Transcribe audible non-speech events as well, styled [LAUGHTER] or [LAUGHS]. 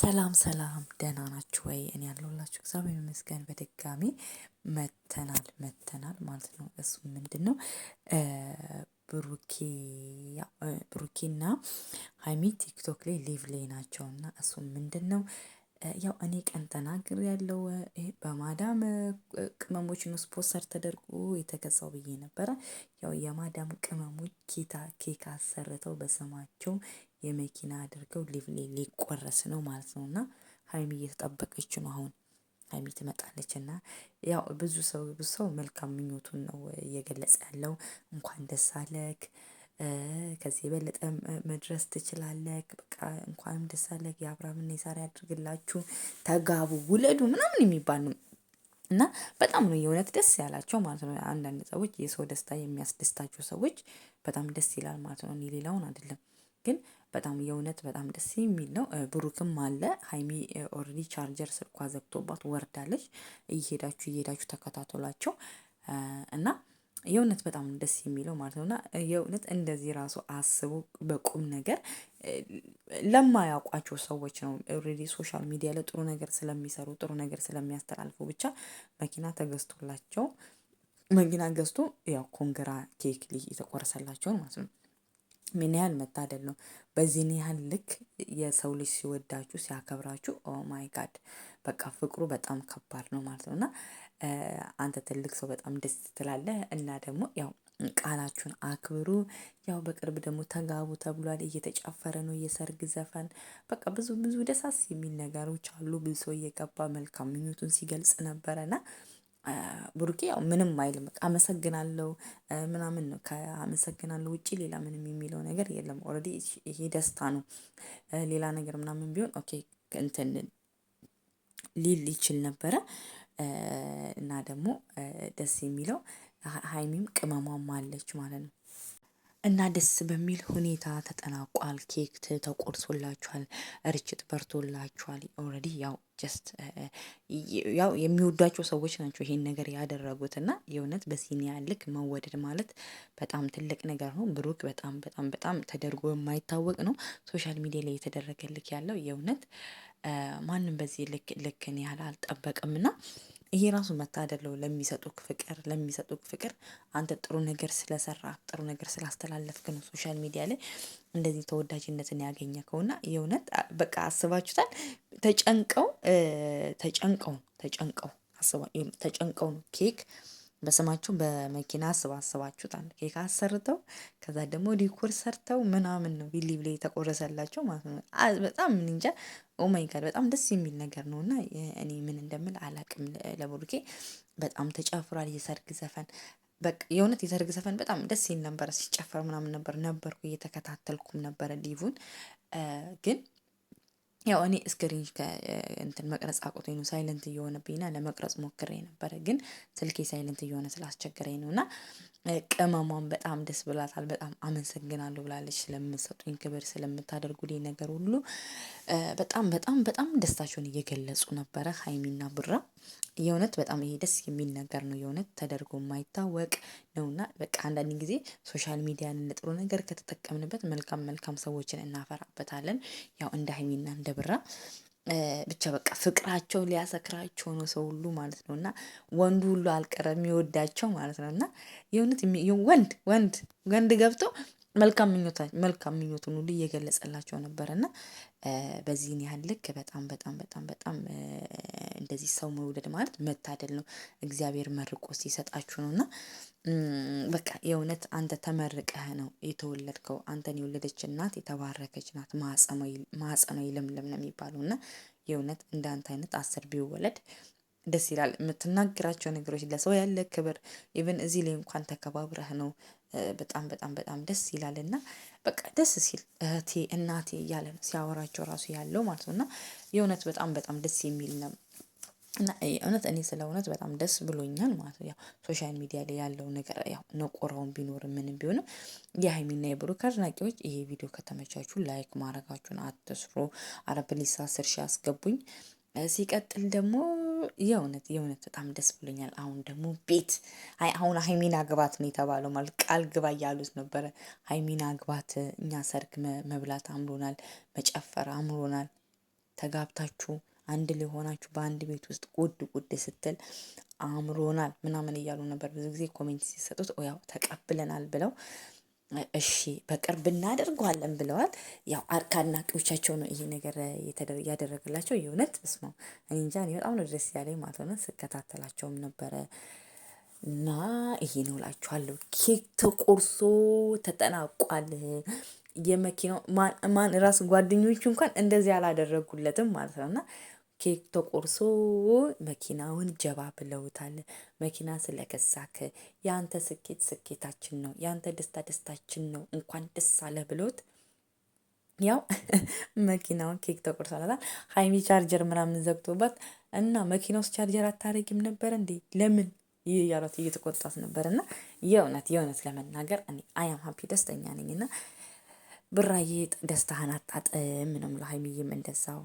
ሰላም ሰላም፣ ደህና ናችሁ ወይ? እኔ ያለሁላችሁ እግዚአብሔር ይመስገን። በድጋሚ መተናል መተናል ማለት ነው። እሱ ምንድን ነው ብሩኬና ሀይሚ ቲክቶክ ላይ ሊቭ ላይ ናቸው እና እሱ ምንድን ነው ያው እኔ ቀን ተናግር ያለው በማዳም ቅመሞች ነው ስፖንሰር ተደርጎ የተገዛው ብዬ ነበረ። ያው የማዳም ቅመሞች ኬታ ኬክ አሰርተው በስማቸው የመኪና አድርገው ሊብሌ ሊቆረስ ነው ማለት ነው። እና ሀይሚ እየተጠበቀች ነው አሁን ሀይሚ ትመጣለች እና ያው ብዙ ሰው ብዙ ሰው መልካም ምኞቱን ነው እየገለጸ ያለው እንኳን ደስ አለክ ከዚህ የበለጠ መድረስ ትችላለህ። በቃ እንኳንም ደስ አለህ የአብርሃምና የሳራ ያድርግላችሁ ተጋቡ ውለዱ ምናምን የሚባል ነው። እና በጣም ነው የእውነት ደስ ያላቸው ማለት ነው። አንዳንድ ሰዎች የሰው ደስታ የሚያስደስታቸው ሰዎች በጣም ደስ ይላል ማለት ነው። እኔ ሌላውን አይደለም ግን በጣም የእውነት በጣም ደስ የሚል ነው። ብሩክም አለ ሀይሚ ኦሬዲ ቻርጀር ስልኳ ዘግቶባት ወርዳለች። እየሄዳችሁ እየሄዳችሁ ተከታተሏቸው እና የእውነት በጣም ደስ የሚለው ማለት ነው። እና የእውነት እንደዚህ ራሱ አስቡ በቁም ነገር ለማያውቋቸው ሰዎች ነው ኦሬዲ ሶሻል ሚዲያ ላይ ጥሩ ነገር ስለሚሰሩ ጥሩ ነገር ስለሚያስተላልፉ ብቻ መኪና ተገዝቶላቸው መኪና ገዝቶ ያው ኮንግራ ኬክ የተቆረሰላቸውን ማለት ነው። ምን ያህል መታደል ነው! በዚህን ያህል ልክ የሰው ልጅ ሲወዳችሁ ሲያከብራችሁ ኦ ማይ ጋድ በቃ ፍቅሩ በጣም ከባድ ነው ማለት ነው እና አንተ ትልቅ ሰው በጣም ደስ ትላለህ እና ደግሞ ያው ቃላችሁን አክብሩ። ያው በቅርብ ደግሞ ተጋቡ ተብሏል። እየተጨፈረ ነው የሰርግ ዘፈን በቃ ብዙ ብዙ ደሳስ የሚል ነገሮች አሉ። ብዙ ሰው እየገባ መልካም ምኞቱን ሲገልጽ ነበረ እና ብሩኬ ያው ምንም አይልም በቃ አመሰግናለሁ ምናምን ነው። ከአመሰግናለሁ ውጪ ሌላ ምንም የሚለው ነገር የለም። ኦልሬዲ ይሄ ደስታ ነው። ሌላ ነገር ምናምን ቢሆን ኦኬ እንትን ሊል ይችል ነበረ። እና ደግሞ ደስ የሚለው ሀይሚም ቅመሟም አለች ማለት ነው። እና ደስ በሚል ሁኔታ ተጠናቋል። ኬክ ተቆርሶላችኋል። ርችት በርቶላችኋል። ኦልሬዲ ያው ጀስት ያው የሚወዷቸው ሰዎች ናቸው ይሄን ነገር ያደረጉት እና የእውነት በሲኒያ ልክ መወደድ ማለት በጣም ትልቅ ነገር ነው። ብሩክ በጣም በጣም በጣም ተደርጎ የማይታወቅ ነው። ሶሻል ሚዲያ ላይ የተደረገልክ ያለው የእውነት ማንም በዚህ ልክ ልክን ያህል አልጠበቅም ና ይሄ ራሱ መታደለው ለሚሰጡክ ፍቅር ለሚሰጡክ ፍቅር አንተ ጥሩ ነገር ስለሰራ ጥሩ ነገር ስላስተላለፍክ ነው ሶሻል ሚዲያ ላይ እንደዚህ ተወዳጅነትን ያገኘከው። እና የእውነት በቃ አስባችሁታል። ተጨንቀው ተጨንቀው ተጨንቀው ተጨንቀው ነው ኬክ በስማቸው በመኪና አስባ አስባችሁታል። ኬክ አሰርተው ከዛ ደግሞ ዲኮር ሰርተው ምናምን ነው ቢሊብሌ የተቆረሰላቸው ማለት ነው። በጣም እንጃ ኦማይ ጋድ በጣም ደስ የሚል ነገር ነው እና እኔ ምን እንደምል አላቅም። ለብሩኬ በጣም ተጨፍሯል። የሰርግ ዘፈን በቃ የእውነት የሰርግ ዘፈን በጣም ደስ ይል ነበረ፣ ሲጨፈር ምናምን ነበር ነበርኩ እየተከታተልኩም ነበረ ሊቡን ግን ያው እኔ እስክሪን እንትን መቅረጽ አቁቶኝ ነው ሳይለንት እየሆነብኝና ለመቅረጽ ሞክሬ ነበረ፣ ግን ስልኬ ሳይለንት እየሆነ ስላስቸገረኝ ነው እና ቅመሟን በጣም ደስ ብላታል። በጣም አመሰግናለሁ ብላለች። ስለምሰጡኝ ክብር፣ ስለምታደርጉልኝ ነገር ሁሉ በጣም በጣም በጣም ደስታቸውን እየገለጹ ነበረ ሀይሚና ብራ የእውነት በጣም ይሄ ደስ የሚል ነገር ነው። የእውነት ተደርጎ የማይታወቅ ነውና በቃ አንዳንድ ጊዜ ሶሻል ሚዲያን ለጥሩ ነገር ከተጠቀምንበት መልካም መልካም ሰዎችን እናፈራበታለን። ያው እንደ ሀይሚና እንደ ብራ ብቻ በቃ ፍቅራቸውን ሊያሰክራቸው ነው ሰው ሁሉ ማለት ነው። እና ወንዱ ሁሉ አልቀረም የሚወዳቸው ማለት ነው። እና የእውነት ወንድ ወንድ ወንድ ገብቶ መልካም ምኞታ መልካም ምኞቱን ሁሉ እየገለጸላቸው ነበር እና በዚህን ያህል ልክ በጣም በጣም በጣም በጣም እንደዚህ ሰው መውደድ ማለት መታደል ነው። እግዚአብሔር መርቆ ሲሰጣችሁ ነው እና በቃ የእውነት አንተ ተመርቀህ ነው የተወለድከው። አንተን የወለደች እናት የተባረከች ናት፣ ማኅፀኗ ይለምለም ነው የሚባለው እና የእውነት እንዳንተ አይነት አስር ቢወለድ ደስ ይላል። የምትናገራቸው ነገሮች ለሰው ያለ ክብር ኢቨን እዚህ ላይ እንኳን ተከባብረህ ነው በጣም በጣም በጣም ደስ ይላል እና በቃ ደስ ሲል እህቴ እናቴ እያለ ነው ሲያወራቸው ራሱ ያለው ማለት ነው እና የእውነት በጣም በጣም ደስ የሚል ነው። እና እውነት እኔ ስለ እውነት በጣም ደስ ብሎኛል ማለት ነው። ያው ሶሻል ሚዲያ ላይ ያለው ነገር ያው ነቆራውን ቢኖርም ምንም ቢሆንም የሀይሚና የብሩክ አድናቂዎች ይሄ ቪዲዮ ከተመቻችሁ ላይክ ማድረጋችሁን አትስሩ። አረ ፕሊስ አስር አስገቡኝ። ሲቀጥል ደግሞ የእውነት የእውነት በጣም ደስ ብሎኛል። አሁን ደግሞ ቤት አሁን ሀይሚን አግባት ነው የተባለው ማለት ቃል ግባ እያሉት ነበረ። ሀይሚን አግባት፣ እኛ ሰርግ መብላት አምሮናል፣ መጨፈር አምሮናል። ተጋብታችሁ አንድ ላይ ሆናችሁ በአንድ ቤት ውስጥ ጉድ ጉድ ስትል አምሮናል ምናምን እያሉ ነበር። ብዙ ጊዜ ኮሜንት ሲሰጡት ያው ተቀብለናል ብለው እሺ በቅርብ እናደርገዋለን ብለዋል። ያው ከአድናቂዎቻቸው ነው ይሄ ነገር ያደረገላቸው። የእውነት በስመ እንጃ በጣም ነው ደስ ያለኝ ማለት ነው። ስከታተላቸውም ነበረ እና ይሄ ነው እላችኋለሁ። ኬክ ተቆርሶ ተጠናቋል። የመኪናው ማን ራሱ ጓደኞቹ እንኳን እንደዚህ አላደረጉለትም ማለት ነው እና ኬክ ተቆርሶ መኪናውን ጀባ ብለውታል። መኪና ስለገዛክ የአንተ ስኬት ስኬታችን ነው፣ የአንተ ደስታ ደስታችን ነው፣ እንኳን ደስ አለ ብሎት ያው [LAUGHS] መኪናውን ኬክ ተቆርሷላታል። ሀይሚ ቻርጀር ምናምን ዘግቶባት እና መኪና ውስጥ ቻርጀር አታረጊም ነበር እንዴ ለምን ይህ እየተቆጣት ነበር። እና የእውነት የእውነት ለመናገር እኔ አያም ሀፒ ደስተኛ ነኝ። እና ብራዬ ደስታህን አጣጥም ነው የምለው ሀይሚዬም እንደዛው